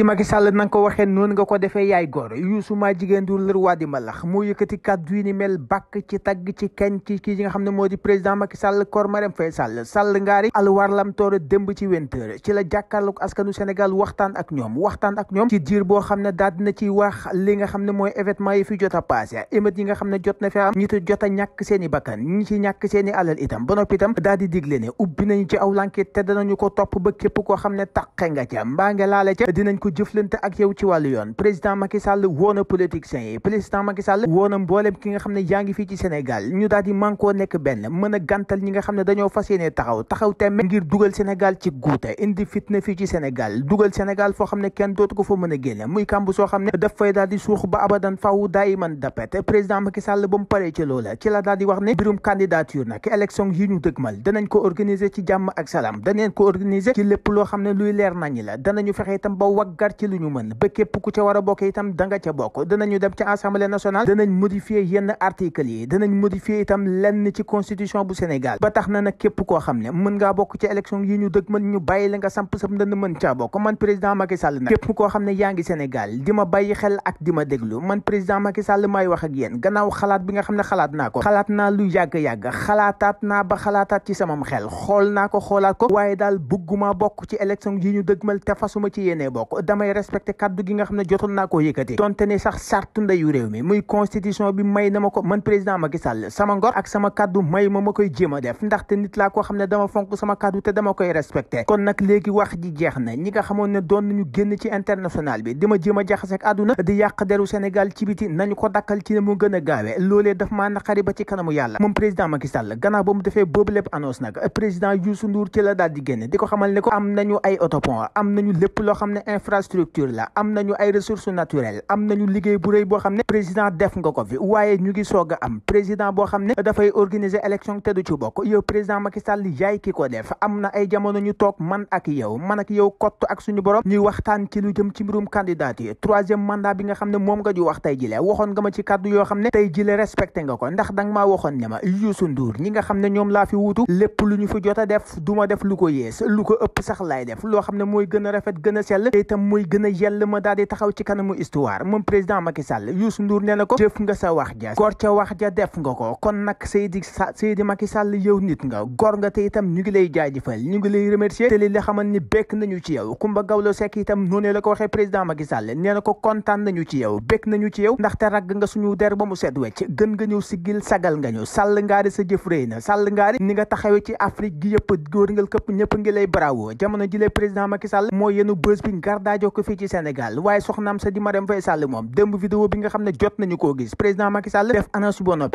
di Macky Sall na nga ko waxee noonu nga ko defee yaay góor Youssou maa jigéen du lër waa di malax moo yëkkati kàddu yi ni mel bàkk ci tagg ci kañ ci kii yi nga xam ne moo di président Macky Sall kor ma Faye Sall Sall ngaari alwaar lam toora démb ci wenteur ci la jàkkaarloog askanu Sénégal waxtaan ak ñoom waxtaan ak ñoom ci diir boo xam ne daal dina ciy wax li nga xam ne mooy événement yi fi jot a passé émeute yi nga xam ne jot na fi am ñi ci jot a ñàkk seen i bakkan ñi ci ñàkk seen i itam ba noppi daal di digle ne ubbi nañu ci aw lanket te danañu ko topp ba képp koo xam ne taqe nga ca mbaa jëflante ak yow ci wàllu yoon président Macky Sall woo na politiciens yi président Macky Sall woo na mboolem ki nga xam ne yaa ngi fii ci Sénégal ñu daal di mànkoo nekk benn mën a gàntal ñi nga xam ne dañoo fas yéene taxaw taxaw temm ngir dugal Sénégal ci guute indi fitna fii ci Sénégal dugal Sénégal foo xam ne kenn dootu ko fa mën a génne muy kàmb soo xam ne daf fay daal di suux ba abadan faw daayi man dapet président Macky Sall ba mu paree ci loola ci la daal di wax ne mbirum candidature nag élection yi ñu dëgmal danañ ko ci jàmm ak salaam danañ ko organiser ci lépp loo xam ne luy leer nañi la danañu fexe itam gar ci lu ñu mën ba képp ku ca war a bokk itam da ca bokk danañu dem ca assemblée nationale danañ modifier yenn article yi danañ na nag képp koo xam ne mën ngaa bokk ci élection yi ñu dëg mën la nga samp sam dana mën caa bokk man président Macky Sall képp koo xam ne yaa ngi Sénégal di ma bàyyi xel ak di ma déglu man président Macky Sall wax ak yéen gannaaw xalaat bi nga xam ne xalaat naa ko xalaat naa lu yàgg-yàgg xalaataat naa ba xalaataat ci samam xel xool naa ko xoolaat ko waaye daal bëgguma bokk damay respecté kaddu gi nga xam ne jotoon naa koo yëkkati donte ne sax sartu ndeyu réew mi muy constitution bi may na ma ko man président Macky Sall a a jaxase a gaawee loolee daf maa naqari ba mu defee boobu lépp annonce nag président Youssou Ndour ci la daal di génn di ko xamal ne ko am nañu ay autopont am nañu lépp loo xam ne infrastructure la am nañu ay ressources naturelles am nañu liggéey bu rëy boo xam ne président def nga ko fi waaye ñu ngi soog a am président boo xam ne dafay organiser élection te du ci bokk yow président Macky Sall yaay ki ko def am na ay jamono ñu toog man ak yow man ak yow kott ak suñu borom ñuy waxtaan ci lu jëm ci mbirum candidat yi troisième mandat bi nga xam ne moom nga ju wax tey jile waxoon nga ma ci kàddu yoo xam ne tey jile respecté nga ko ndax danga maa waxoon ne ma Youssou ñi nga xam ne ñoom laa fi wutu lépp lu ñu fi jot a ma def lu ko yées lu ko ëpp sax laay def loo xam ne mooy gën a rafet gën mooy gën yell ma daal di taxaw ci kanamu histoire moom président Macky Sall Youssou Ndour ko jëf nga sa wax ja gor ca wax ja def nga ko kon nag Seydi Seydi Macky nit nga gor nga te itam ñu ngi lay jaajëfal ñu ngi lay remercier te li la xamal ni bekk nañu ci yow Kumba Gawlo Seck itam noonu la ko waxee président Macky Sall na ko kontaan nañu ci yow bekk nañu ci yow ndaxte ragg nga suñu der ba mu set wecc gën nga ñëw siggil sagal nga ñu sàll ngaari laajoo ko fii ci Sénégal waaye soxnaam sa di Marème Faye Sall moom démb vidéo bi nga xam ne jot nañu koo gis président Macky Sall def annonce bi nga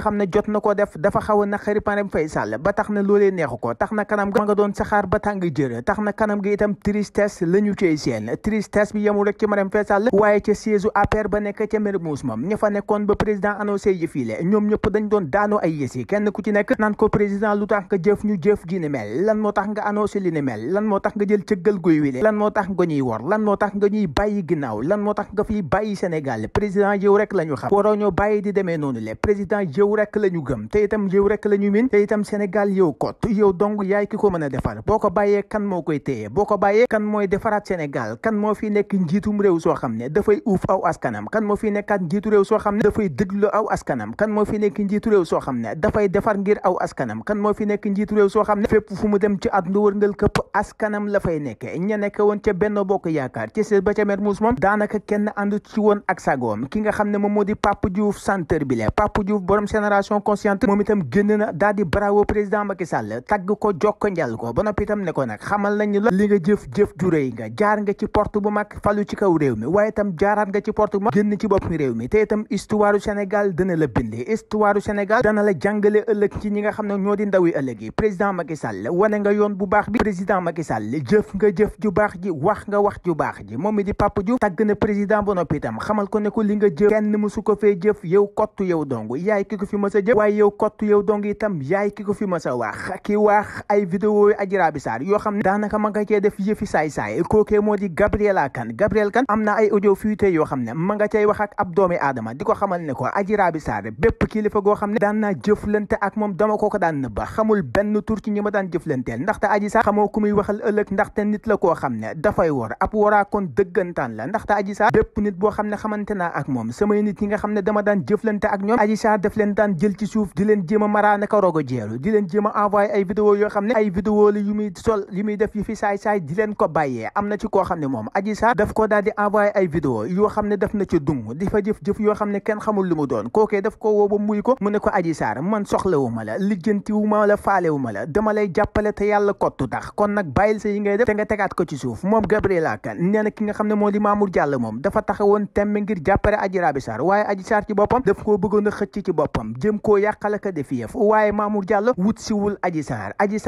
xam ne jot na koo def dafa xaw a naqari Marème Faye Sall ba tax na loolee neexu ko tax na kanam ga ma nga doon saxaar ba tàng jër tax na kanam ga itam tristesse la cey seen tristesse bi rek ci Marème Faye Sall waaye ca siège APR ba nekk ca Mermoz moom ña nekkoon ba président président annoncé yëf yi le ñoom ñëpp dañ doon daanoo ay yës yi kenn ku ci nekk naan ko président lu tax nga jëf ñu jëf ji ni mel lan moo tax nga annoncé li ni mel lan moo tax nga jël cëggal guy wi le lan moo tax nga ñuy wor lan moo tax nga ñuy bàyyi ginnaaw lan moo tax nga fiy bàyyi Sénégal président yow rek la ñu xam waroo ñoo bàyyi di demee noonu le président yow rek la ñu gëm te itam yow rek la ñu min te itam Sénégal yow kot yow dong yaay ki ko mën a defar boo ko bàyyee kan moo koy téye boo ko bàyyee kan mooy defaraat Sénégal kan moo fi nekk njiitum réew soo xam ne dafay uuf aw askanam kan moo fi nekkaat njiitu réew soo xam ne dafay dëgg déglu aw askanam kan moo fi nekk njiitu réew soo xam ne dafay defar ngir aw askanam kan moo fi nekk njiitu réew soo xam ne fépp fu mu dem ci àdduna wërngal këpp askanam la fay nekk ña nekk woon ca benn bokk yaakaar ci seen ba ca Mermoz moom daanaka kenn àndu ci woon ak sagoom ki nga xam ne moom moo di papp Diouf centre bi la Pape Diouf borom génération consciente moom itam génn na daal di bravo président Macky Sall tagg ko jokko njal ko ba noppi itam ne ko nag xamal nañu la li nga jëf jëf ju rëy nga jaar nga ci porte bu mag falu ci kaw réew mi waaye itam jaaraat nga ci porte bu mag génn ci bopp réew mi Sénégal dana la binde histoire du Sénégal dana la jàngale ëllëg ci ñi nga xam ne ñoo di ndawi ëllëg yi président Macky Sall wane nga yoon bu baax bi président Macky Sall jëf nga jëf ju baax ji wax nga wax ju baax ji moom mi di Pape Diouf na président ba noppi itam xamal ko ne ko li nga jëf kenn mësu ko fee jëf yow kottu yow dong yaay ki ko fi mës a jëf waaye yow kottu yow dong itam yaay ki ko fi mës a wax ki wax ay vidéo yu Adji Raby Sarr yoo xam ne daanaka ma Adji Raby Sarr bépp kilifa goo xam ne daan naa jëflante ak moom dama ko ko daan nëbba xamul benn tur ci ñi ma daan jëflanteel ndaxte Adji Sarr xamoo ku muy waxal ëllëg ndaxte nit la koo xam ne dafay wor ab kon dëggantaan la ndaxte Adji Sarr bépp nit boo xam ne xamante naa ak moom samay nit yi nga xam ne dama daan jëflante ak ñoom Adji Sarr daf leen jël ci suuf di leen jéem a maraanaka rogo jeelu di leen jéem a envoyé ay vidéo yoo xam ne ay vidéo la yu muy sol yu muy def yu fi saay-saay di leen ko bàyyee na ci koo xam ne moom Adji Sarr daf ko daal di envoyé ay vidéo yoo xam ne daf na ci dung di fa jëf jëf yoo xam ne kenn xamul lu mu doon kookee daf ko woo muy ko mu ne ko aji saar man soxlawu ma la lijjantiwu ma la faalewu la dama lay jàppale te yàlla kottu tax kon nag bàyyil sa yi ngay def te nga tegaat ko ci suuf moom Gabriela moo di Mamour Diallo moom dafa taxawoon temb ngir jàppale aji rabi saar waaye aji saar ci koo bëggoon a xëcc ci boppam jëm koo yàqal ak a def yëf waaye Mamour Diallo wut siwul aji saar aji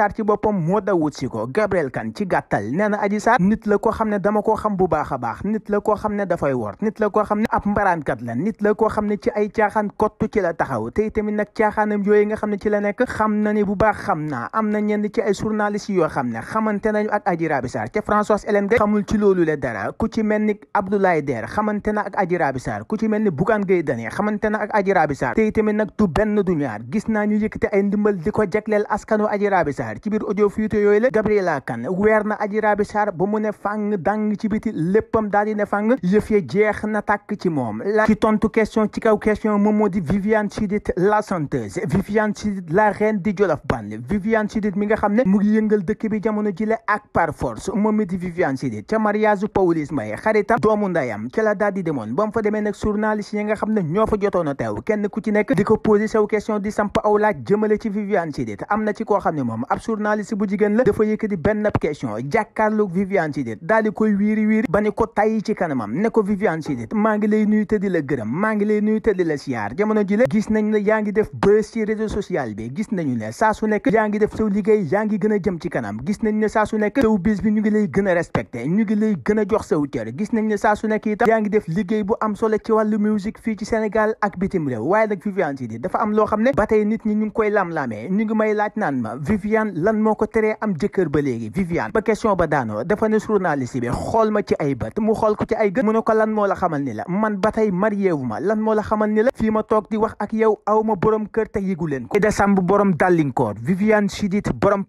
moo da si ko Gabriel Kane ci gàttal na aji saar nit la ko xam ne dama koo xam bu baax a baax nit la ko xam ne dafay wor nit la koo xam ne ab mbaraankat la nit la koo xam ne ci ay caaxaan kottu ci la taxaw te itamit nag caaxaanam yooyu nga xam ne ci la nekk xam na ni bu baax xam naa am na ñenn ci ay journalistes yoo xam ne xamante nañu ak Adji Raby Sarr te Françoise Hélène Gaye ak Adji Raby Sarr ku ci mel ni Bougane Gueye Dany xamante na ak Adji Raby Sarr te itamit nag du benn du ñaar gis naa ñu yëkkati ay ndimbal di ko jagleel askanu Adji Raby Sarr ci yooyu la Gabriela Kane weer na Adji Raby ba mu ne fàng dàng ci biti léppam daal di ne fàng yëf ya jeex na tàkk ci moom la ci tontu question ci kaw question moom moo di Viviane Chidid la chanteuse Viviane reine di Jolof Band Viviane Chidid mi nga xam ne mu ngi yëngal dëkk bi jamono jile ak par force moom mi di Viviane Chidid ca mariage Pawlish Mbaye xaritam doomu ndayam ca la daal di demoon ba mu fa demee nag journaliste yi nga xam ne ñoo fa jotoon a teew kenn ku ci nekk di ko posé saw question di samp aw laaj jëmale ci Viviane Chidid am na ci koo xam ne moom ab journaliste bu jigéen la dafa yëkkati benn question jàkkaarloog Viviane Chidid daal di koy wiiri wiiri ba ko tayyi ci kanamam ne ko Viviane Chidid maa ngi lay nuyu te di maa ngi lay nuyu te di la siyaar jamono ji le gis nañ ne yaa ngi def buzz nañu ne saa su nekk yaa ngi def saw liggéey yaa ngi gën a jëm ci kanam gis nañ ne saa su nekk saw bis bi ñu ngi lay gën a respecté ñu ngi lay gën a jox saw cër gis nañ ne saa su nekk itam yaa ngi def liggéey bu am solo ci wàllu musique fii ci Sénégal ak bitim réew waaye nag Viviane Chidid dafa am loo xam ne ba tey nit ñi ñu ngi koy lam-laamee ñu ngi may laaj naan ma Viviane lan moo ko teree am jëkkër ba léegi Viviane ba question ba daanoo dafa ne journaliste bi xool ma ci la xamal ni la man ba tey marié wu xamal ni la fii ma toog di wax ak yow aw ma borom kër te yëgu leen ko Aïda Samb borom Dallinkoor Viviane Chidid borom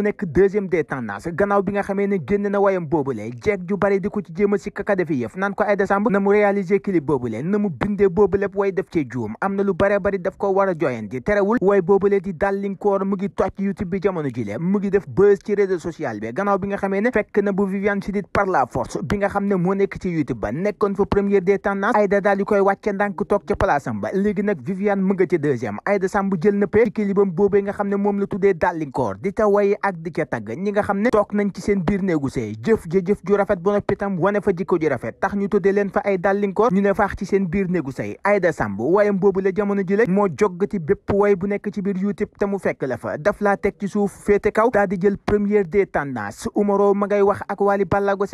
nekk deuxième des tendances gannaaw bi nga xamee ne génn na wayam boobulee jeeg ju bari di ko ci a si kaka defi yëf naan ko Aïda Samb na mu réaliser clip boobulee na mu bindee boobu lépp way def cee juum am na lu bare bari daf ko war a joyen di terewul way boobulee di Dallinkoor mu ngi toj YouTube bi jamono ji lee mu ngi def buzz ci réseau social bi gannaaw bi nga xamee ne fekk na bu Viviane Chidid par la force nga xam ne moo nekk ci youtube ba nekkoon fa première des tendances Aïda daal di koy wàcce ndànk toog ca place am ba léegi nag Viviane mu nga ca deuxième Aïda Samb jël na pee ci kilibam nga xam ne moom la tuddee dàllinkoor di ca waye ak di ca tagg ñi nga xam ne toog nañ ci seen biir néegu sëy jëf ja ju rafet ba noppi tam wane fa jikko ju rafet tax ñu tuddee leen fa ay dàllinkoor ñu ne faax ci seen biir néegu sëy Aïda Samb wayam boobu la jamono ji la moo joggati bépp way bu nekk ci biir youtube te mu fekk la fa daf laa teg ci suuf féete kaw daal di jël première des tendances Umaro ma ngay wax ak Wally Ballago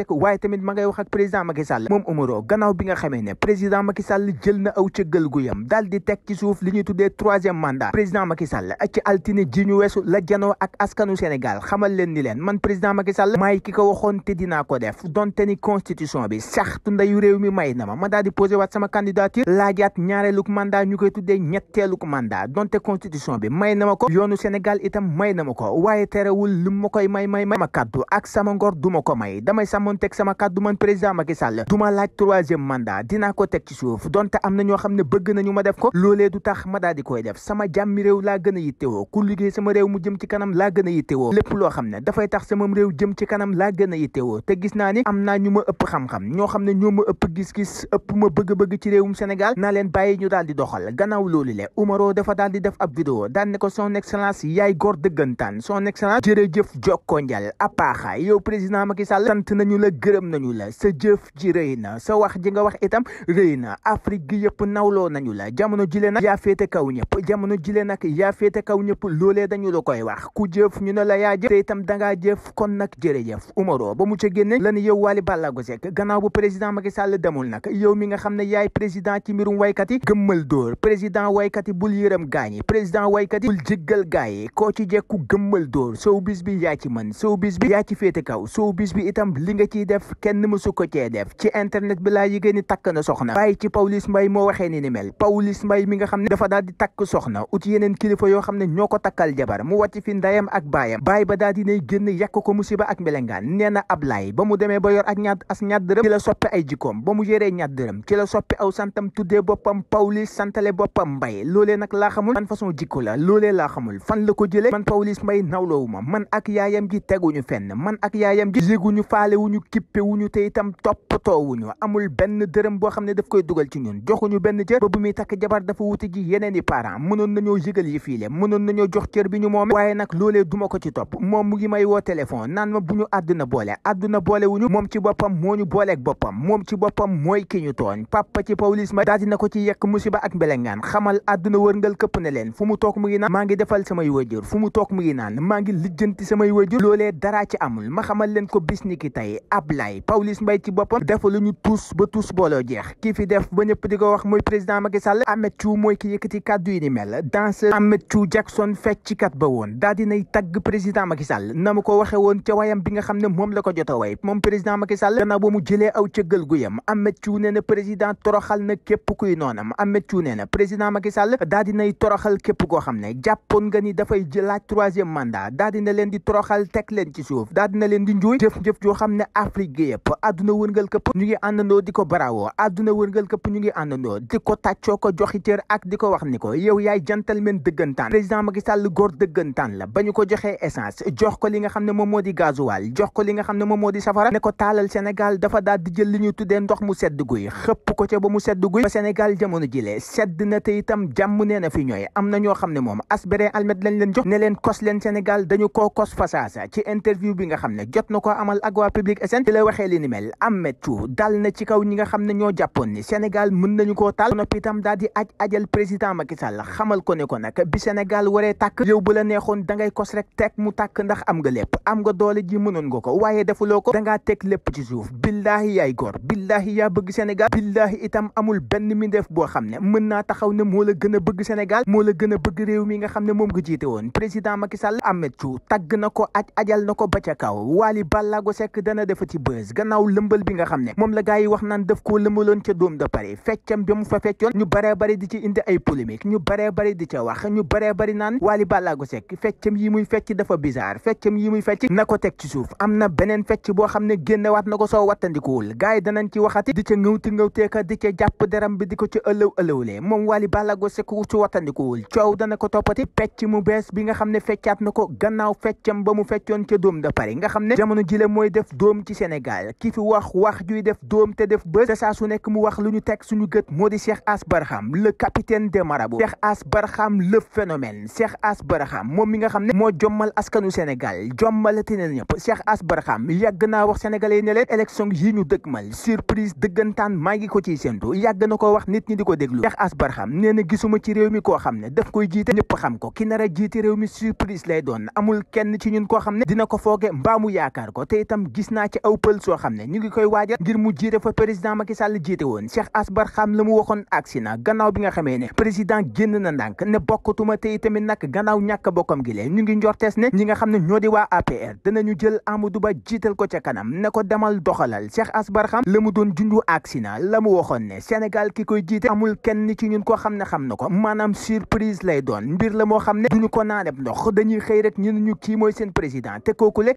ngay wax ak président Macky Sall moom Omaro gannaaw bi nga xamee ne président Macky Sall jël na aw cëggal gu yam daal di teg ci suuf li ñuy tuddee troisième mandat président Macky Sall ak ci altine ji ñu weesu la janoo ak askanu Sénégal xamal leen ni leen man président Macky Sall maay ki ko waxoon te dina ko def donte ni constitution bi sax saxtu yu réew mi may na ma ma daal di posé waat sama candidature laajaat ñaareelug mandat ñu koy tuddee ñetteelug mandat donte constitution bi may na ma ko yoonu Sénégal itam may na ma ko waaye terewul lu ma koy may may may ma kàddu ak sama ngor du ko may man président Macky Sall du ma laaj troisième mandat dinaa ko teg ci suuf donte am na ñoo xam ne bëgg nañu ma def ko loolee du tax ma daal koy def sama jàmmi réew laa gën a yittewoo ku liggéey sama réew mu jëm ci kanam laa gën a yittewoo lépp loo xam ne dafay tax sama réew jëm ci kanam laa gën a yittewoo te gis naa ni am naa ñu ma ëpp xam-xam ñoo xam ne ñoo ma ëpp gis-gis ëpp ma bëgg-bëgg ci réewum Sénégal naa leen bàyyi ñu daal di doxal gannaaw loolu le Umaro dafa daal di def ab vidéo daan ne ko son excellence yaay góor dëggantaan son excellence jërëjëf jokkonjal apaaxa yow président Macky Sall sant nañu la gërëm nañu la sa jëf ji rëy na sa wax ji nga wax itam rëy na Afrique gi yëpp nawloo nañu la jamono jile nag yaa féete kaw ñëpp jamono jile nag yaa féete kaw ñëpp loolee dañu la koy wax ku jëf ñu ne la yaa jëf te itam dangaa jëf kon nag jërëjëf Umaro ba mu ca génne lan yow Wally Ballago Seck gannaaw bu président Macky Sall demul nag yow mi nga xam ne yaay président ci mbirum waykat yi gëmmal dóor président waykat yi bul yërëm gaañi président waykat yi bul jéggal gaayi koo ci jekku gëmmal dóor sow bis bi yaa ci mën ci féete kaw sow bis bi itam li nga ciy def kenn mësu ko cee def ci internet bi laa yëgée ni takk na soxna bàyyi ci Pawlish ba daal di na mu demee ba yor ak ñaat ci la soppi ay jikkoom ba mu yoree ñaat ci la soppi aw santam tuddee boppam Pawlish santale boppam Mbaye loolee nag laa xamul façon jikko la loolee laa fan la ko jëlee man Pawlish Mbaye nawloowu ma man ak yaayam ji teguñu fenn man ak yaayam ji jéguñu faale wuñu kippe wuñu ñu te itam toppatoowuñu amul benn dërëm boo xam ne daf koy dugal ci ñun joxuñu benn cër ba bu muy takk jabar dafa wuti ji yeneen i parent mënoon nañoo yëgal yi fiile mënoon nañoo jox cër bi ñu moome waaye nag loolee duma ko ci topp moom mu ngi may woo téléphone naan ma bu ñu àdduna boole àdduna boole wuñu moom ci boppam moo ñu booleeg moom ci boppam mooy ki ñu tooñ papa ci Pawlish ma daal dina ko ci yekk musiba ak mbelengaan xamal àdduna wërngal këpp ne leen fu mu toog mu ngi naan maa ngi defal samay wajur fu mu toog mu ngi naan maa ngi lijjanti samay wajur loolee dara ci amul ma xamal leen ko bis ni ki tey Ablaye Pawlish Mbaye ci boppam defa lu ñu tuus ba tuus booloo jeex def ba ñëpp di ko wax mooy président Macky Sall Amet Thiou mooy ki yëkkati kàddu yi ni mel danseur Amet Thiou Sall na mu ko waxe woon ca wayam bi nga xam ne moom la ko jota way moom président Macky Sall gannaaw ba mu jëlee aw cëggal gu yam Amet Thiou nee na président toroxal na képp kuy noonam Amet Thiou nee na président Macky Sall daa dinay toroxal képp koo xam ne jàppoon nga ni dafay jëlaat troisième mandat daa dina leen di toroxal teg leen ci suuf daa dina leen di njuuy jëf-jëf joo xam ne Afrique gi yëpp këpp àdduna wërngal këpp ñu ngi àndandoo di ko baraawoo àdduna wërngal këpp ñu ngi àndandoo di ko tàccoo ko joxi cër ak di ko wax ni ko yow yaay gentleman dëggantaan président Macky Sall góor dëggantaan la ba ñu ko joxee essence jox ko li nga xam ne moom moo di gasoil jox ko li nga xam ne moom moo di safara ne ko taalal Sénégal dafa daal di jël li ñu tuddee ndox mu sedd guy xëpp ko ca ba mu sedd guy ba Sénégal jamono jile sedd na te itam jàmm nee na fi ñooy am na ñoo xam ne moom Asbéré Almed lañ leen jox ne leen kos leen Sénégal dañu koo kos fasaasa ci bi nga xam ne jot na ko amal ak waa la waxee li ni mel Ahmed Thiou dal na ci kaw ñi nga xam ne ñoo jàppoon ni Sénégal mën nañu koo taal noppi itam di ajal président Macky ko ne ko nag bi Sénégal waree tàkk yow bu la da ngay kos rek teg mu tàkk ndax am nga lépp am nga doole ji mënoon nga ko waaye defuloo ko dangaa teg lépp ci suuf billaahi yaay góor boo xam ne mën naa taxaw ne moo a bëgg Sénégal moo a bëgg réew mi nga xam ne moom nga jiite woon président Macky Sall Ahmed Thiou tàgg na ko aj ajal na ko ba kaw Wally Ballago Seck dana defa bës gannaaw lëmbal bi nga xam ne moom la gaa yi wax naan daf koo lëmbaloon ca doom da feccam mu fa feccoon ñu baree bari di ci indi ay polémique ñu baree bari di ca wax ñu baree bari naan Wally Ballago Seck feccam yi muy fecc dafa bizarre feccam yi muy fecc na ko teg ci suuf am na beneen fecc boo xam ne génnewaat na ko soo wattandikuwul gaa yi danañ ci waxati di ca ngëwti ngëwteeka di ca jàpp deram bi di ko ci ëllëw ëllëwlee moom Wally Ballago Seck ci wattandikuwul coow dana ko toppati fecc mu bees bi nga xam ne feccaat na ko gannaaw feccam ba mu feccoon ca doom da pare nga xam ne jamono jile mooy def doom ci Sénégal ki fi wax wax juy def doom te def bës saa su nekk mu wax lu ñu teg suñu gët moo di Cheikh Ass Barham le capitaine des marabouts Cheikh Ass Barham le phénomène Cheikh Ass Barham moom mi nga xam ne moo jommal askanu Sénégal te na ñëpp Cheikh Ass Barham yàgg naa wax sénégalais yi ne leen élection yi ñu dëgg dëgmal surprise dëggantaan maa ngi ko ciy séntu yàgg na ko wax nit ñi di ko déglu Cheikh Ass Barham nee na gisuma ci réew mi koo xam ne daf koy jiite ñëpp xam ko ki nar jiite réew mi surprise lay doon amul kenn ci ñun koo xam ne dina ko fooge mbaamu yaakaar te itam gis naa ci aw pël soo xam ne ñu ngi koy waajal ngir mu jiite fa président Macky Sall jiite woon Cheikh Asbar xam la mu waxoon agsi na gannaaw bi nga xamee ne président génn na ndànk ne bokkatuma te itamit nag gannaaw ñàkk bokkam gi lee ñu ngi ne ñi nga xam ne ñoo di waa APR danañu jël Amadou Ba jiital ko ca kanam ne ko demal doxalal Cheikh Asbar xam la mu doon junju agsi na la mu waxoon ne Sénégal ki koy jiite amul kenn ci ñun koo xam ne xam na ko maanaam surprise lay doon mbir la moo xam ne duñu ko naaneb ndox dañuy xëy rek ñu ñu kii mooy seen président te kookule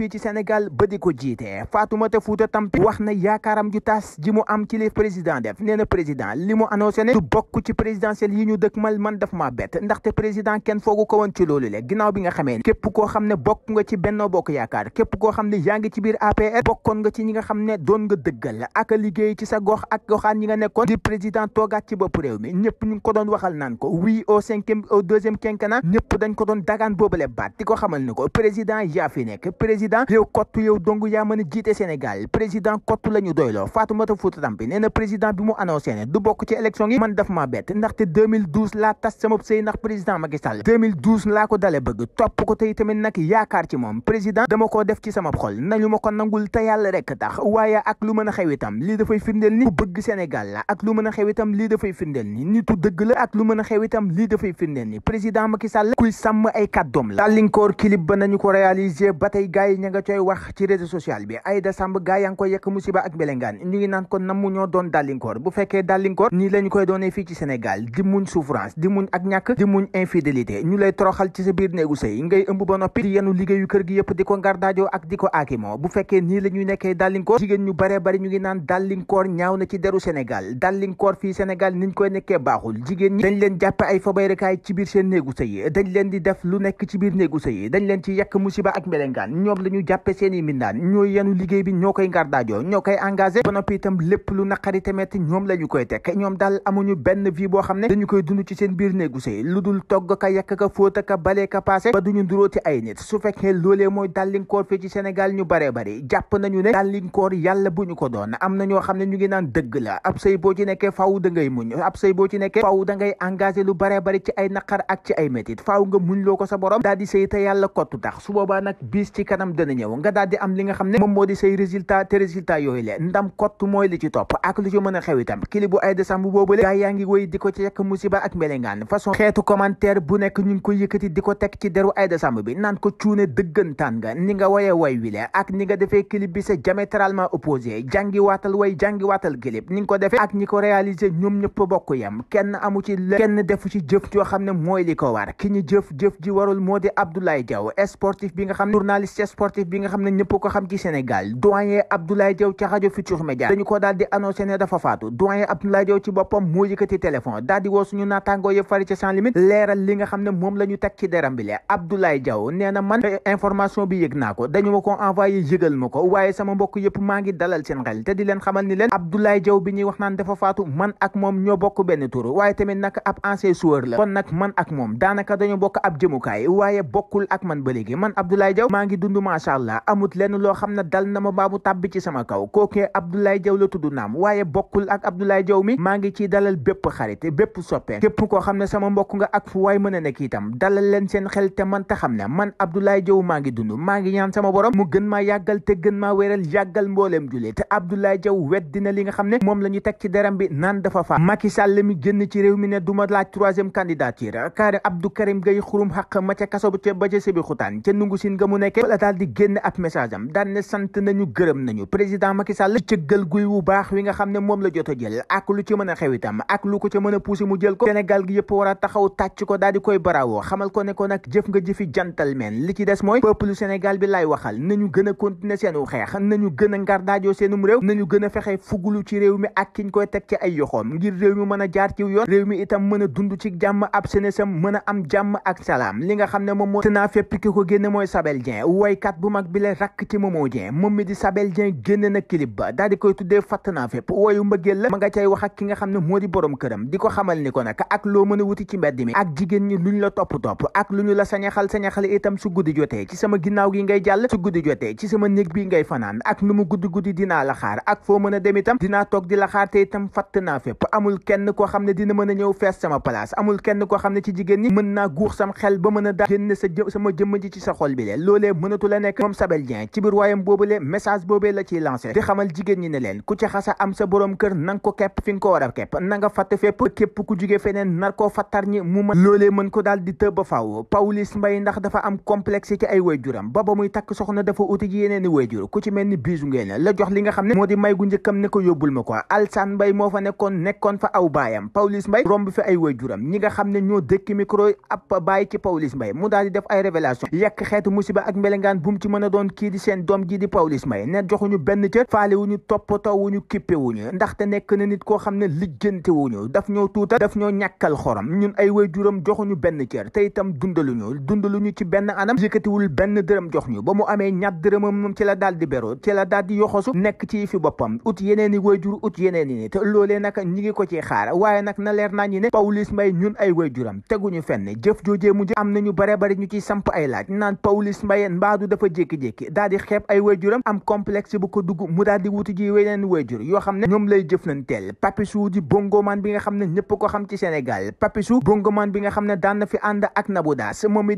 ñëw ci Sénégal ba di ko jiite faatuma Fatoumata Fouta Tampi wax na yaakaaram ju taas ji mu am ci li président def nee président li mu annoncé ne du bokk ci présidentielle yi ñu dëkkmal man daf maa bett ndaxte président kenn foogu ko woon ci loolu le ginnaaw bi nga xamee ne képp koo xam ne bokk nga ci Benno Bokk Yaakaar képp koo xam ne yaa ngi ci biir APR bokkoon nga ci ñi nga xam ne doon nga dëggal ak liggéey ci sa gox ak goxaan ñi nga nekkoon di président toogaat ci bopp réew mi ñëpp ñu ngi ko doon waxal naan ko oui au cinquième au deuxième quinquennat ñëpp dañ ko doon dagaan boobale baat di ko xamal ni ko président fi nekk président réew kott yow dong yaa mën a jiite Sénégal président kott la doyloo Fatoumata Fouta Tampi nee président bi mu annoncé du bokk ci élection yi man daf maa bett ndaxte 2012 laa tas sama sëy ndax président Macky a la a kuy sàmm ay kàddoom la tàllinkoor clip ba nañu ko réaliser ba tey gaay yi ña nga coy wax ci réseau social bi Aïda Samb gaa yaa ngi koy yekk musiba ak mbelengaan ñu ngi naan ko namu ñoo doon dàllinkoor lay toroxal ci sa biir néegu ngay ëmb ba noppi di yenu liggéeyu kër gi yëpp di ngardaajoo ak di ko bu fekkee nii la nekkee dàllinkoor ñaaw na ci deru Sénégal dàllinkoor fii Sénégal niñ koy nekkee baaxul jigéen ñi dañ leen jàppe ay fobayrekaay ci biir seen néegu sëy dañ leen di def lu nekk ci biir néegu sëy dañ leen ci yekk musiba ak mbelengaan ñoom la ñu jàppe seen i mindaan ñooy yenu liggéey bi ñoo koy ngardaajoo ñoo koy engagé ba noppi itam lépp lu naqari tamit ñoom la ñu koy tekk ñoom daal ñu benn vie boo xam ne dañu koy dund ci seen biir néegu sëy lu dul togg ka yekk ka fóot ka balee ka paase ba duñu nduróoti ay nit su fekkee loolee mooy dàllinkoor fii ci Sénégal ñu bare bari jàpp nañu ne dàllinkoor yàlla bu ñu ko doon am na ñoo xam ne ñu ngi naan dëgg la ab sëy boo ci nekkee faw da ngay boo ci nekkee faw da ngay engagé lu bare bari ay naqar ak ay métit faaw nga muñ loo ko sa borom daal di sëy te yàlla kottu tax ndam dana ñëw nga daal di am li nga xam ne moom moo di say résultat te résultat yooyu la ndam kott mooy li ci topp ak lu ci mën a xew itam kili bu ay décembre boobu la gaa ko ci ak mbelengaan façon xeetu commentaire bu nekk ñu ngi ko ci deru ay décembre bi naan ko cuune dëggantaan nga ni nga woyee way wi la ak ni nga defee clip bi c'est diamétralement opposé jàngi ko defee ak ñi ko réaliser ñoom ñëpp bokk yem kenn amu ci la kenn defu ci xam ne mooy ko war ki ñu jëf jëf ji sportif bi nga xam ne ñëpp ko xam ci Sénégal doyen Abdoulaye Diaw ca rajo Futur Média dañu leeral li xam ne moom la ñu deram bi le Abdoulaye Diaw nee na man eh, information bi yëg ko dañu ma ko envoyé yëgal ma ko waaye sama mbokk yëpp maa ngi dalal seen xel te di leen xamal ni leen Abdoulaye Diaw bi ñuy wax naan dafa faatu man ak moom ñoo bokk benn tur waaye tamit nag ab ancien la kon man ak moom daanaka dañu bokk ab jëmukaay waaye bokkul ak man ba léegi man Abdoulaye Diaw maa ngi macha allah amut lenn loo xam ne dal na ma baabu tàbbi ci sama kaw kookee Abdoulaye Diaw la tudd naam waaye bokkul ak Abdoulaye Diaw mi maa ngi dalal bépp xarit bépp soppe koo xam ne sama mbokk nga ak fu waay mën a nekk itam dalal leen seen xel te man ta xam ne man Abdoulaye Diaw maa ngi dund maa ngi ñaan sama borom mu gën ma yàggal te gën maa wéral yàggal mbooleem jullit te Abdoulaye Diaw wet dina li nga xam ne moom la ñu teg ci deram bi naan dafa faa Macky Sall mi génn ci mi ne du ma laaj troisième candidature Karim Abdou Karim Gueye xurum xaq ma ca kaso ba ca ba ca Sébikotane di génn ab message am daan ne sant nañu gërëm nañu président Macky Sall cëggal guy wu baax wi nga xam ne moom la jot a jël ak lu ci mën a xew itam ak lu ko ci mën a poussé mu jël ko Sénégal gi yëpp war a taxaw tàcc ko di koy barawoo xamal ko ne ko nag jëf nga jëfi gentleman li ci des mooy peuple Sénégal bi laay waxal nañu gën a continuer seenu xeex nañu gën a ngardaajoo seenum réew nañu gën a fexe fugulu ci réew mi ak kiñ koy teg ci ay yoxoom ngir réew mi mën a jaar ci yoon réew mi itam mën a dund ci jàmm ab sénésam mën am jàmm ak salaam li nga xam ne moom moo tenaa fépp ki ko génne mooy Sabel Dieng liggéeykat bu mag bi la rakk ci Momo Dieng moom mi di Sabel Dieng génn na clip ba daal di koy tuddee fatt naa fépp wooyu mbëggeel la ma nga cay wax ak ki nga xam ne moo di borom këram di ko xamal ni ko nag ak loo mën a wuti ci mbedd mi ak jigéen ñi luñ la topp topp ak lu ñu la sañaxal sañaxal itam su guddi jotee ci sama ginnaaw gi ngay jàll su guddi jotee ci sama néeg bi ngay fanaan ak nu mu guddi guddi dinaa la xaar ak foo mën a dem itam dinaa toog di la xaar te itam fatt naa fépp amul kenn koo xam ne dina mën a ñëw fees sama place amul kenn koo xam ne ci jigéen ñi mën naa guux sam xel ba mën a daa sa sama jëmm ji ci sa xol bi la nekk moom Sabel Dieng ci biir waayam boobule message boobee la ciy lancé di xamal jigéen ñi ne leen ku ci xasa am sa borom kër na nga ko kepp fi ko war a kepp na nga fatt fépp képp ku jugee feneen nar koo fattar ñi mu mën loolee mën ko daal di tëb ba faaw Pawlish Mbaye ndax dafa am complexe ci ay wayjuram ba ba muy takk soxna dafa uti ji yeneen i wayjur ku ci mel ni biisu ngeen la jox li nga xam ne moo di may gu njëkkam ne ko yóbbul ma ko Alsaan Mbaye bu ci mën a doon kii di seen doom ji di Pawlish Mbaye ne joxuñu benn cër faale wuñu toppatoo wuñu kippe wuñu ndaxte nekk na nit koo xam ne lijjante wuñu daf ñoo tuutal daf ñoo ñàkkal xorom ñun ay waajuram joxuñu benn cër te itam dundaluñu dundaluñu ci benn anam yëkkatiwul benn dërëm jox ñu ba mu amee ñat dërëmam moom ci la daal di béro ci la daal di yoxosu nekk ci fi boppam ut yeneen i waajur ut yeneen i nit loolee nag ñi ngi ko ci xaar waaye nag na leer naa ñi ne Pawlish Mbaye ñun ay tegu ñu fenn jëf joojee mujj am nañu bare bari ñu ci samp ay laaj dafa jékki-jékki daal di xeeb ay wayjuram am complexe bu ko dugg mu daal di wuti ji weneen wayjur yoo xam ne ñoom lay jëflanteel Papichou di bongoman bi nga xam ne ñëpp ko xam ci ne daan na fi ànd ak Nabou Dash moom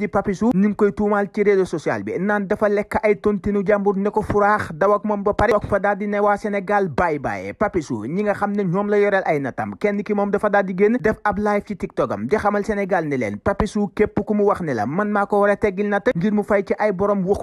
koy tuumaal ci réseau social bi naan dafa lekk ay tontinu jàmbur ne ko furaax daw ak moom ba pare toog fa daal di ne waa Sénégal bàyyi bàyyi Papichou ñi nga xam ne ñoom la yoreel ay natam kenn ki moom dafa daal di génn def ab live ci tiktokam di xamal Sénégal ne leen Papichou képp ku mu wax ne la man maa ko war teggil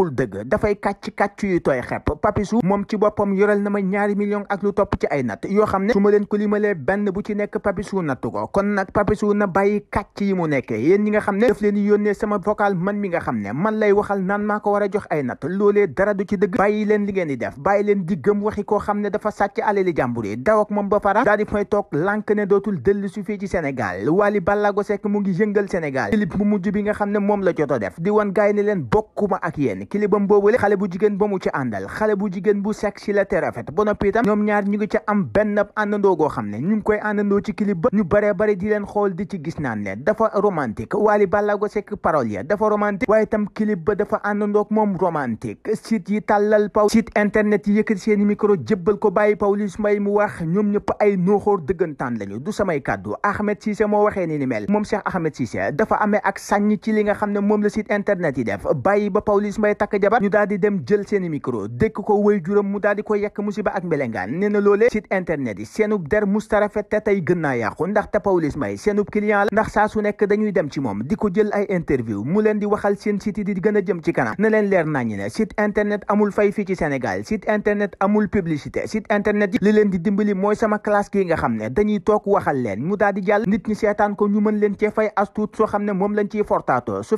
waxul dëgg dafay kàcc kàcc yu tooy xepp papisu moom ci boppam yoral na ma ñaari million ak lu topp ci ay natt yoo xam ne su ma leen ko limalee benn bu ci nekk papisu nattu ko kon nag papisu na bàyyi kàcc yi mu nekkee yéen ñi nga xam ne daf leen yónnee sama vocal man mi nga xam ne man lay waxal naan maa ko war a jox ay natt loolee dara du ci dëgg bàyyi leen li ngeen di def bàyyi leen di gëm waxi koo xam ne dafa sàcc alali jàmbur yi daw ak moom ba fara daal di fay toog lank ne dootul dellu su fii ci Sénégal Wally Ballago Seck mu ngi yëngal Sénégal clip mu mujj bi nga xam ne moom la joto def di wan gaay ne leen bokkuma ak yéen kilibam boobule xale bu jigéen ba mu ci àndal xale bu jigéen bu sexy la te rafet ba noppi itam ñoom ñaar ñu ngi ca am benn àndandoo goo xam ne ñu ngi koy àndandoo ci kilib ba ñu bare bare di leen xool di ci gis naan leen dafa romantique Wally Ballago Seck parole ya dafa romantique waaye tam kilib ba dafa àndandoog moom romantique site yi tàllal paw site internet yi yëkkati seeni micro jébbal ko bàyyi Pawlish Mbaye mu wax ñoom ñëpp ay nooxoor dëggantaan lañu du samay kàddu Ahmed Cissé moo waxee ni ni moom Cheikh Ahmed Cissé dafa amee ak sàññ ci li nga xam ne moom la site internet yi def bàyyi ba Pawlish Mbaye takk jabar ñu daal di dem jël seeni micro dékk ko wëy juróom mu daal di ko yekk musiba ak mbelengaan nee na loolee site internet yi seenub der mustarafet te tey gën naa yàqu ndax te Pawlish Mbaye seenub client la ndax saa su nekk dañuy dem ci moom di ko jël ay interview mu leen di waxal seen site yi gën a jëm ci kanam na leen leer nañu ne site internet amul fay fii ci Sénégal site internet amul publicité sit internet yi li leen di dimbali mooy sama classe gi nga xam ne dañuy toog waxal leen mu daal di jàll nit ñi seetaan ñu mën leen cee fay astuut soo xam ne moom lañ ciy fortaatoo su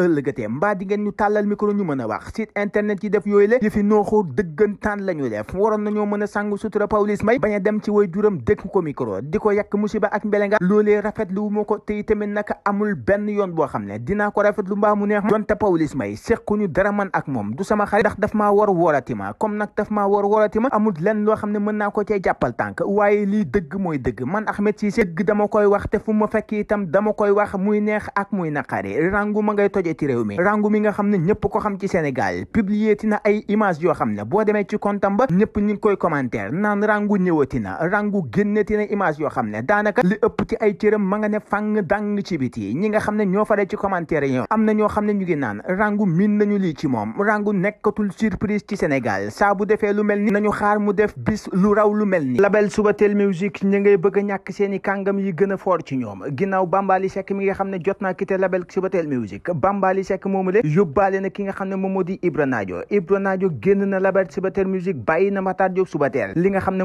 ëllëgatee mbaa di ngeen ñu tàllal micro ñu mën a wax site internet yi def yooyu le yëfi nooxoo dëggantaan la ñu def waroon nañoo mën a sàngu sutura Pawlish Mbaye bañ a dem ci way juram dëkk ko micro di ko yàq musiba ak mbelenga loolee rafetlu wu ma ko te itamit naka amul benn yoon boo xam ne dinaa ko rafetlu mbaa mu neex ma donte may Mbaye séquñu dara man ak moom du sama xarit ndax daf ma war worati ma comme nag daf maa war worati ma amul lenn loo xam ne mën naa ko cee jàppal tànk waaye lii dëgg mooy dëgg man Ahmed Cissé dëgg dama koy wax te fu ma fekk itam dama koy wax muy neex ak muy naqari tojati réew mi rangu mi nga xam ne ñëpp ko xam ci Sénégal publié ti na ay image yoo xam ne boo demee ci kontam ba ñëpp nañu lii ci moom rangu nekkatul surprise ci Sénégal saa bu defee lu mel ni nañu xaar mu def bis lu raw lu mel ni label Subatel Music ñi ngay bëgg a seeni kàngam yi gën a foor ci ñoom ginnaaw Bambaly Seck mi nga xam ne jot naa quitté label Subatel Music Bambaali Seck moomu le yóbbaale na ki nga xam ne moom moo Ibra Naajo Ibra Naajo génn na label Subatel musique bàyyi na Matar Diop Subatel li nga xam ne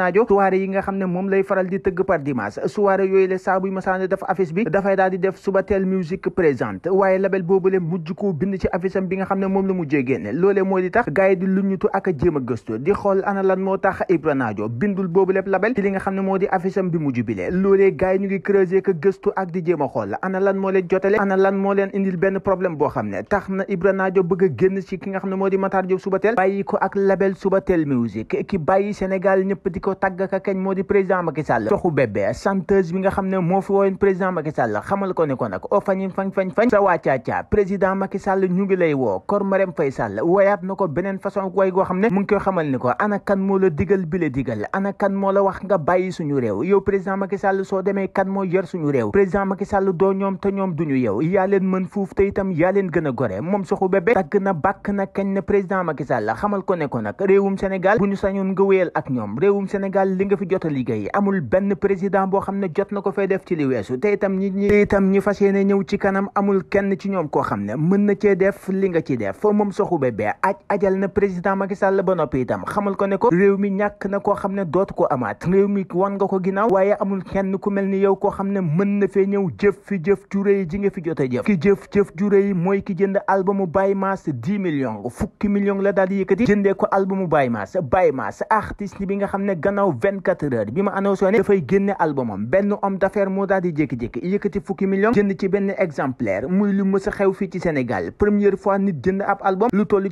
a xew moom lay faral di tëgg par dimanche soirée yooyu le saa buy masaane def bi dafay daal def Subatel musique présente waaye label boobule mujj koo bind ci affiche bi nga xam ne moom la mujjee génne loolee moo tax gars di luñutu ak a a gëstu di xool ana lan tax Ibra Naajo bindul boobu lépp label ci li nga xam ne moo di affiche am bi mujj a xool ana lan moo leen jotale ana lan nga xam ne moo di Matar Diop Subatel bàyyi ko ak label Subatel Music ki bàyyi Sénégal ñëpp di ko tàgg ka kañ moo di président Macky Sall soxu bébé chanteuse bi nga xam ne moo fi woyoon président Macky Sall xamal ko ne ko nag o fañi fañ fañ fañ sa waacaaca président Macky Sall ñu ngi lay woo kor Marème Faye Sall wayaat na ko beneen façon way goo xam ne mu ngi koy xamal ni ko ana kan moo digal bi digal ana kan kan moo la wax nga bàyyi suñu réew yow président Macky Sall soo demee kan moo yor suñu réew président Macky Sall doo ñoom te ñoom duñu yow yaa leen mën fuuf te itam yaa leen gën gore moom soxu bébé tagg na bàkk na kañ na président Macky Sall xamal ko boo xam ne jot na ko fay def ci li weesu te itam ñi ñi te itam ñi ci kanam amul kenn ci ñoom koo xam ne mën na cee def li nga ci def moom soxu bébé aj ajal na président Macky Sall ba noppi itam xamal ko ne ko mi ñàkk na koo xam ne dootu ko amaat réew mi wan nga ko ginnaaw waaye amul kenn ku mel ni yow koo xam ne mën na fee ñëw jëf fi jëf juré yi ji nga fi jote jëf ki jëf jëf yi mooy ki jënd albumu Baye Mass dix millions fukki millions la daal yëkkati jëndee ko albumu Baye Mass Baye Mass artiste bi nga xam ne gannaaw bi ma annoncé ne dafay génne albumam benn homme d'affaires moo daal di jékki yëkkati fukki millions jënd ci benn exemplaire muy lu mës a xew fii ci Sénégal première fois nit jënd ab album lu toll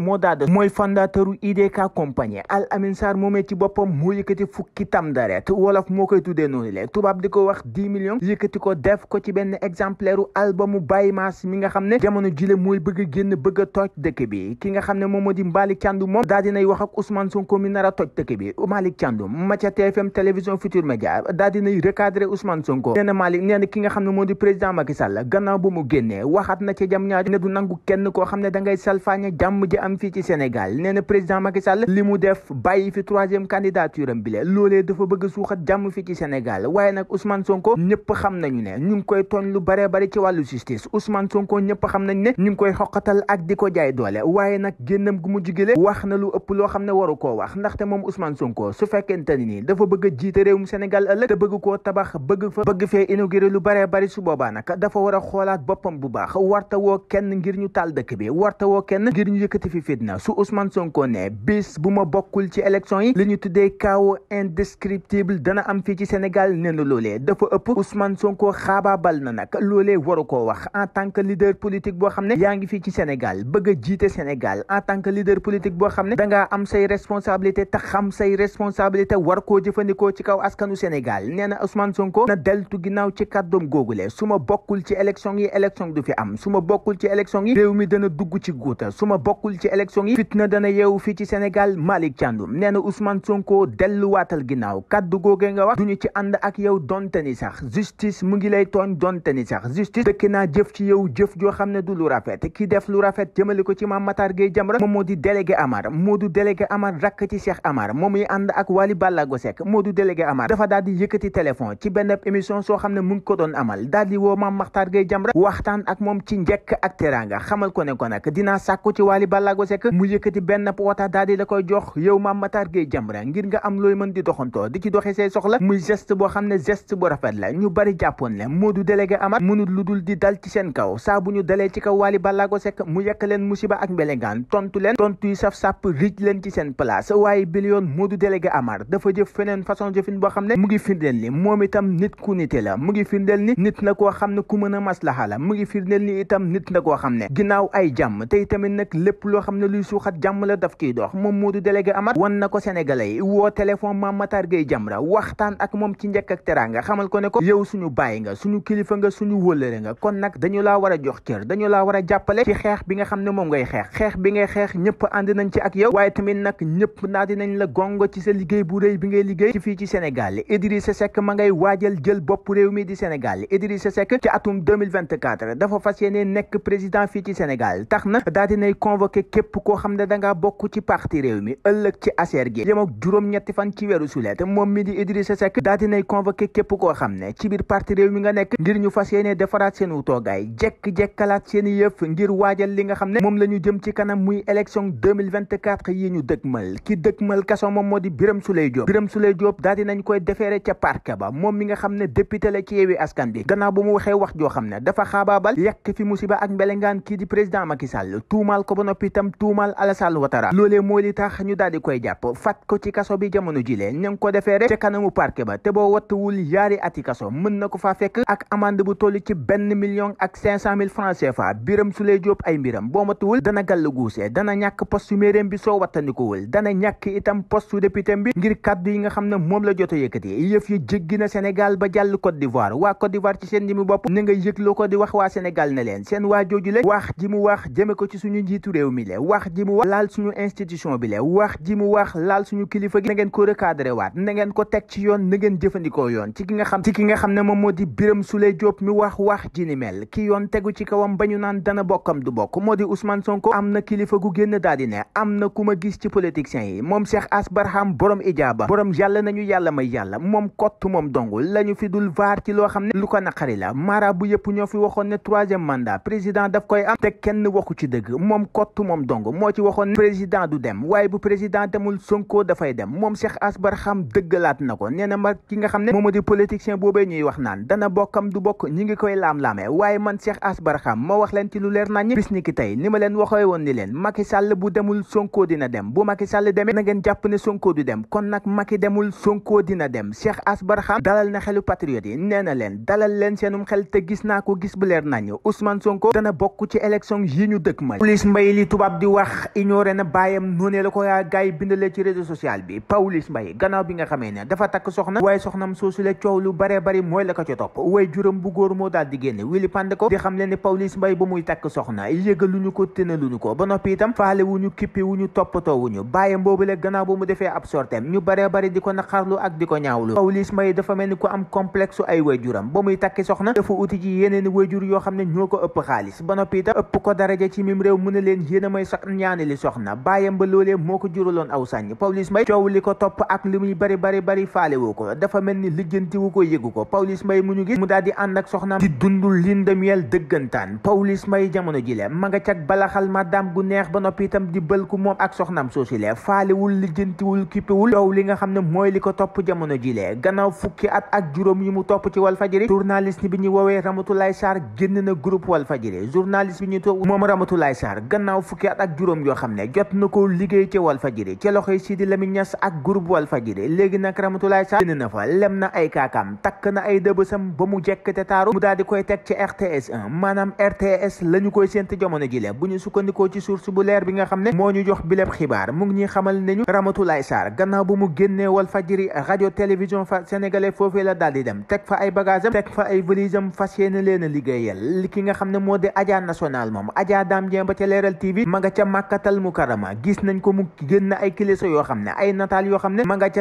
Modad mooy fondateuru IDK compagnie Al Amin Sarr moomee ci boppam moo yëkkati fukki tam daret wolof moo koy tuddee noonu le tubaab di ko wax dix millions yëkkati ko def ko ci benn exemplaire u albumu Baye Mass mi nga xam ne jamono jile mooy bëgg a génn bëgg dëkk bi ki nga xam ne moom moo di Malick Thiandoum moom daal dinay wax ak Ousmane mi nar a toj dëkk bi Malick Thiandoum ma ca TFM télévision Futur Média daal dinay recadrer Ousmane Sonko nee na Malick nee ki nga xam ne moo di président Macky Sall gannaaw bu am fii ci Sénégal nee na président Macky li mu def bàyyi fi troisième candidature am bi dafa bëgg suuxat jàmm fii ci Sénégal waaye nag Ousmane Sonko ñëpp xam nañu ne ñu ngi koy tooñ lu bare bare ci wàllu justice Ousmane Sonko ñëpp xam nañ ne ñu ngi koy xoqatal ak di ko jaay doole waaye nag génnam gu mu jigéle wax na lu ëpp loo xam ne waru koo wax ndaxte moom Ousmane Sonko su fekkente ni nii dafa bëgg a jiite réewum Sénégal ëllëg te bëgg koo tabax bëgg fa bëgg fee inauguré lu bare bare su boobaa nag dafa war a xoolaat boppam bu baax warta woo kenn ngir ñu taal dëkk bi fi fitna su Ousmane Sonko ne bis bu ma bokkul ci élection yi li ñu tuddee chaos indescriptible dana am fii ci Sénégal nee na loolee dafa ëpp Ousmane Sonko xaabaabal na nag loole waru koo wax en tant que leader politique boo xam ne yaa ngi fii ci Sénégal bëgg a jiite Sénégal en tant que leader politique boo xam ne da ngaa am say responsabilité ta xam say responsabilité war koo jëfandikoo ci kaw askanu Sénégal nee na Ousmane Sonko na deltu ginnaaw ci kàddoom googule su ma bokkul ci élection yi élection du fi am su bokkul ci élection yi réew mi dana dugg ci élection yi fitna dana yeewu fii ci Sénégal Malick Thiandoum nee na Ousmane Sonko delluwaatal ginnaaw kaddu googee nga wax duñu ci ànd ak yow donte ni sax justice mu ngi lay tooñ donte ni sax justice dëkk naa jëf ci yow jëf joo xam ne du lu rafet ki def lu rafet jëmale ko ci Mame Matar Gueye Jamra moom moo di délégué Amar moo du délégué Amar rakk ci Cheikh Amar moom muy ànd ak Wali go sek moo du délégué Amar dafa daal di yëkkati téléphone ci benn émission soo xam ne mu ngi ko doon amal daal di woo Mame Matar Gueye Jamra waxtaan ak moom ci njëkk ak teranga balago sek mu yëkkati benn woota daal di la koy jox yow di doxantoo di ci doxee say soxla muy geste boo xam ne geste bu rafet la ñu bari jàppoon le Modou délégué Amar mënul dul di dal ci seen kaw saa bu ñu dalee ci kaw Wally Ballago Seck mu yekk leen musiba ak mbelengaan tontu leen tontu yi saf sap rij leen ci seen place waaye bi yoon Modou délégué Amar dafa jëf feneen façon jëfin boo xam ne mu ngi firndeel ni moom itam nit ku nite la mu ngi firndeel ni nit na koo xam ne ku mën a maslaha la mu ngi firndeel ni itam nit na koo xam ne ginnaaw ay jàmm te tamit nag lépp loo yoo xam ne luy suuxat jàmm la daf kiy dox moom moo di délégué amat wan na ko sénégalais yi woo téléphone Mame Matar Gueye Jamra waxtaan ak moom ci njëkk ak teraanga xamal ko ne ko yow suñu bàyyi nga suñu kilifa nga suñu wëllëre nga kon nag dañu laa war a jox cër dañu laa war a jàppale ci xeex bi nga xam ne moom ngay xeex xeex bi ngay xeex ñëpp ànd nañ ci ak yow waaye tamit nag ñëpp naa dinañ la gongo ci sa liggéey bu rëy bi ngay liggéey ci fii ci Sénégal Idrissa Seck ma ngay waajal jël bopp réew mi di Sénégal Idrissa Seck ci atum 2024 dafa fas yéene nekk président fii ci Sénégal tax na képp koo xam ne dangaa bokk ci parti réew mi ëllëg ci aser gi yem ak juróom-ñetti fan ci weeru sulet moom mi di Idrissa Seck daa dinay convoqué képp ko xam ne ci biir parti réew mi nga nekk ngir ñu fa yéene defaraat seen utoogaay jekk-jekkalaat seen yëf ngir waajal li nga xam ne moom la ñu jëm ci kanam muy élection 2024 yi ñu dëgmal ki dëgmal kaso moom moo di Birame Souleye Diop Birame Souleye Diop daa dinañ koy defeere ca parquet ba moom mi nga xam ne député la ci yeewi askan bi gannaaw bu mu waxee wax joo xam ne dafa xaabaabal yekk fi musiba ak mbelengaan kii di président Macky Sall itam tuumal Alassane Ouattara loolee moo li tax ñu daal di koy jàpp fat ko ci kaso bi jamono jilee ña ngi ko defeere ca kanamu parquet ba te boo wattuwul yaari ati kaso mën na ko faa fekk ak amande bu toll ci benn million ak cinq cent mille francs CFA Biram ay mbiram boo matuwul dana gàll guusee dana ñàkk poste mairie bi soo wattandikuwul dana ñàkk itam poste député bi ngir kàddu yi nga xam ne moom la jot a yëkkati yëf yi jéggi na Sénégal ba jàll Côte d'Ivoire waa Côte di wax le wax ji mu ko ci suñu njiitu réew le wax ji mu wax laal suñu institution bi le wax ji mu wax laal suñu kilifa gi na ko recadré waat na ko teg ci yoon na jëfandikoo yoon ci ki nga xam ci ki nga xam ne moom moo di Birame Souleye Diop mi wax wax ji ni mel ki yoon tegu ci kawam ba ñu naan dana bokkam du bokk moo di Ousmane Sonko am na kilifa gu génn daal di ne am na ku ma gis ci politiciens yi moom Cheikh As Barham borom ijaaba borom yàlla nañu yàlla may yàlla moom kott moom dong lañu fi dul vaar ci loo xam ne lu ko naqari la mara bu yëpp ñoo fi waxoon ne troisième mandat président daf koy am te kenn waxu ci dëgg moom moom dong moo ci waxoon président du dem waaye bu président demul Sonko dafay dem moom Cheikh Ass Barham dëggalaat na ko nee na ma ki nga xam ne moom ma di politicien boobee ñuy wax naan dana bokkam du bokk ñi ngi koy laam-laamee waaye man Cheikh Ass Barham ma wax leen ci lu leer nañ bis ni ki tey ni ma leen waxee woon ni leen Macky Sall bu demul Sonko dina dem bu Macky Sall demee na ngeen jàpp ne Sonko du dem kon nag Macky demul Sonko dina dem Cheikh Ass Barham dalal na xelu patriote yi nee na leen dalal leen seenum xel te gis naa ko gis bu leer nañ Ousmane Sonko dana bokk ci élection yi ñu tubaab di wax ignoré na baayam noonee la ko yaa gars yi bindalee ci réseau social bi Pawlish Mbaye gannaaw bi nga xamee ne dafa takk soxna waaye soxnam soosu la coow lu bare bari mooy la ko ca topp waaye juróom bu góor moo ba muy takk soxna yëgaluñu ko tënaluñu ko ba noppi itam faale wu ñu kippi wu ñu toppatoo wu ñu baayam boobu la gannaaw bu mu defee ab ñu bare bari di ko naqarlu ak di ko ñaawlu Pawlish Mbaye dafa mel ni ku am complexe ay waajuram ba muy takki soxna dafa uti ji yeneen waajur yoo may so ñaanali soxna baayam ba loolee ko juraloon aw sànni Pawlish Mbaye coow ko topp ak li muy bari bari bari faalewu ko dafa mel ni lijjantiwu ko yëgu ko Pawlish Mbaye mu ñu gis mu daal di ànd ak soxnaam di dundul lindamiel dëggantaan Pawlish Mbaye jamono ji le ma nga cag balaxal madame gu neex ba noppi itam di bël ku moom ak soxnaam soosi le faalewul lijjantiwul kippewul coow li nga xam ne mooy li ko topp jamono ji le gannaaw fukki at ak juróom yi mu topp ci wal Walfadjri journaliste bi ñu woowee Ramatoulaye Sarr génn na groupe Walfadjri journaliste bi ñu toog moom Ramatoulaye Sarr gannaaw fukki fukki at ak juróom yoo xam ne jot na ko liggéey ca Walfadjri ca loxoy Sidi Lamine Niass ak groupe Walfadjri léegi nag Ramatoulaye Sall génn na fa lem na takk na ay dëbësam ba mu jekk te taaru mu daal di koy teg maanaam RTS la ñu koy sént jamono ji le bu sukkandikoo ci source bu leer bi nga xam ne moo ñu jox bileb xibaar mu ngi ñuy xamal ne ñu Ramatoulaye Sall gannaaw ba mu génnee Walfadjri radio télévision fa sénégalais foofee la daal di dem teg fa ay bagage am teg fa ay valise am fas yéene leen a liggéeyal li ki nga xam ne moo de Adja National moom Adja Dame Dieng ba ca Leral ma nga ca màkkatal mukarama gis nañ ko mu génn ay kilisa yoo xam ne ay nataal yoo xam ne bi mu ngi ci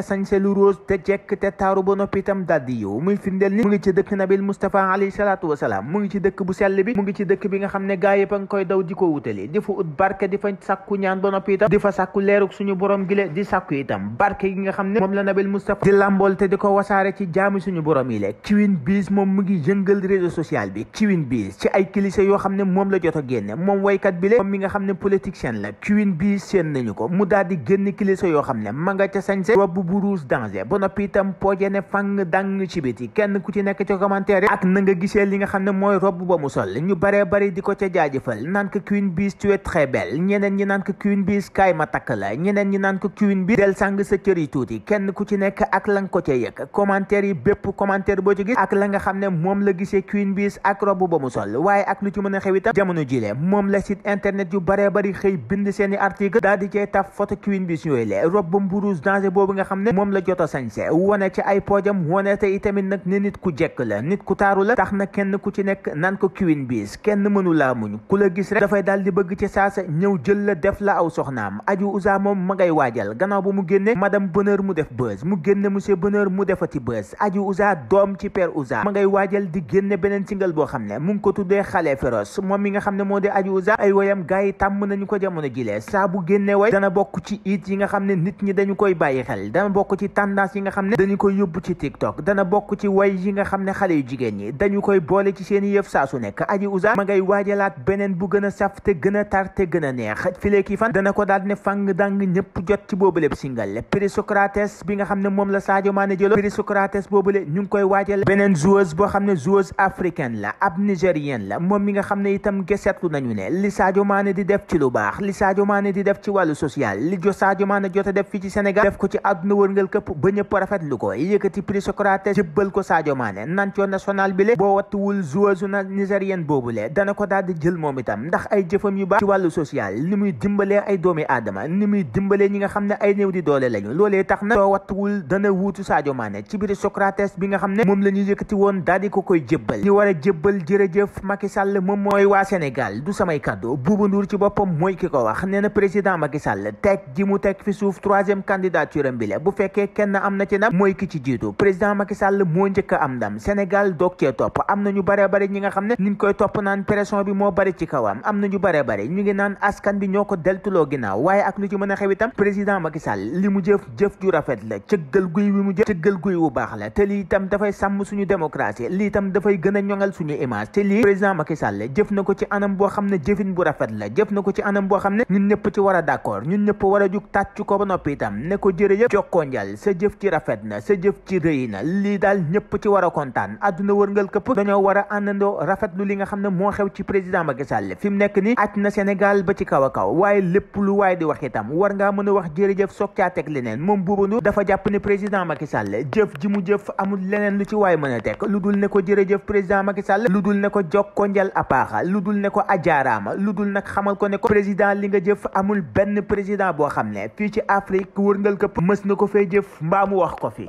a moom la jot a génne moom waykat bi le moom mi nga xam ne politicien la queen bi seen nañu ko mu daal di génn kilisa yoo xam ne ma nga ca sañse robb bu rouge danger ba noppi itam pooje ne fang dang ci biti kenn ku ci nekk ca commentaire ak na nga gisee li nga xam ne mooy robb ba mu sol ñu baree bari di ko ca jaajëfal naan ko queen bis tu es très ñeneen ñi naan ko queen kaay ma takk la ñeneen ñi naan ko queen bi del sàng sa cër yi tuuti kenn ku ci nekk ak la nga ko ca yëg commentaire yi bépp commentaire boo ci ak la nga xam ne moom la gisee queen bis ak robb ba mu sol waaye ak lu ci mën a xew itam jamono jile moom la site internet yu bare bare bari xëy bind seeni article daal di cay taf photo Queen Biz yooyu le robe bu rouge danger boobu nga xam ne moom la jot a sañse wone ci ay pojam wone te itamit nag ne nit ku jekk la nit ku taaru la tax na kenn ku ci nekk naan ko Queen Biz kenn mënu muñ ku la gis rek dafay daal di bëgg ci saasa ñëw jël la def la aw soxnaam aju usa moom ma ngay waajal gannaaw ba mu génne madame Bonheur mu def buzz mu génne monsieur Bonheur mu defati buzz aju usa doom ci père usa ma ngay waajal di génne beneen single namm nañu ko jamono jile saa bu génne way dana bokk ci it yi nga xam ne nit ñi dañu koy bàyyi xel dana bokk ci tendance yi nga xam ne dañu koy yóbbu ci tiktok dana bokk ci way yi nga xam ne xale yu jigéen ñi dañu koy boole ci seen yëf saa su nekk aji usa ma ngay waajalaat beneen bu gën a saf te gën a tar te gën a neex fileeki fan dana ko daal ne fang dang ñëpp jot ci boobu lépp single prix Socrates bi nga xam ne moom la Sadio Mané jëlo prix Socrates boobule ñu ngi koy waajal beneen joueuse boo xam ne joueuse africaine la ab nigérienne la moom mi nga xam ne itam gesetlu nañu ne li Sadio Mané di def ci lu baax li Sadio Mané di def ci wàllu social li jo Sadio jot a def fii ci Sénégal def ko ci àdduna wërngal këpp ba ñëpp rafetlu ko yëkkati prix Socrates jëbbal ko Sadio Mané nantio national bi le boo wattuwul joueuse na nigérienne boobu le dana ko daal jël moom itam ndax ay jëfam yu baax ci wàllu social ni muy ay doomi aadama ni muy ñi nga xam ne ay néew di doole lañu loolee tax na soo wattuwul dana wuutu Sadio Mané ci biir bi nga xam la ñu yëkkati woon daal di ko koy jëbbal ñi war a boppam mooy ki ko wax nee na président Macky Sall teg ji mu teg fi suuf troisième candidature mbile bu fekkee kenn am na ci ndam mooy ki ci jiitu président Macky xam ne ñu ngi koy topp naan pression bi moo bari ci kawam na ñu bare bare ñu ko deltuloo ginnaaw waaye ak lu ci mën a xew itam président li mu jëf jëf ju rafet la cëggal guy wi mu jëf cëggal guy wu baax la te lii itam dafay sàmm suñu démocratie lii itam dafay gën a ñoŋal suñu image te lii président Macky Sall jëf na ko ci anam boo xam ne jëfin bu rafet la ko ci anam boo xam ne ñun ñëpp ci war d'accord ñun ñëpp war jug tàcc ko ba noppi itam ne ko jërëjëf jokkoo njal sa jëf ci rafet na sa jëf ci rëy na lii daal ñëpp ci war a kontaan àdduna wërngal këpp dañoo war a àndandoo rafetlu li nga xam ne moo xew ci président ma Sall fi mu nekk ni àcc na Sénégal ba ci kaw a kaw waaye lépp lu waaye di wax itam war ngaa mën a wax jërëjëf soog caa teg leneen moom Bouba Ndour dafa jàpp ne président Macky Sall jëf ji mu jëf amul leneen lu ci waaye a teg lu lu dul ko jokkoo njal apaaxa lu dul ne ko ajaaraama lu dul nag xamal ko ne ko président li nga jëf amul benn président boo xam ne fii ci Afrique wërngal këpp mës na ko fee jëf mbaa mu wax ko fi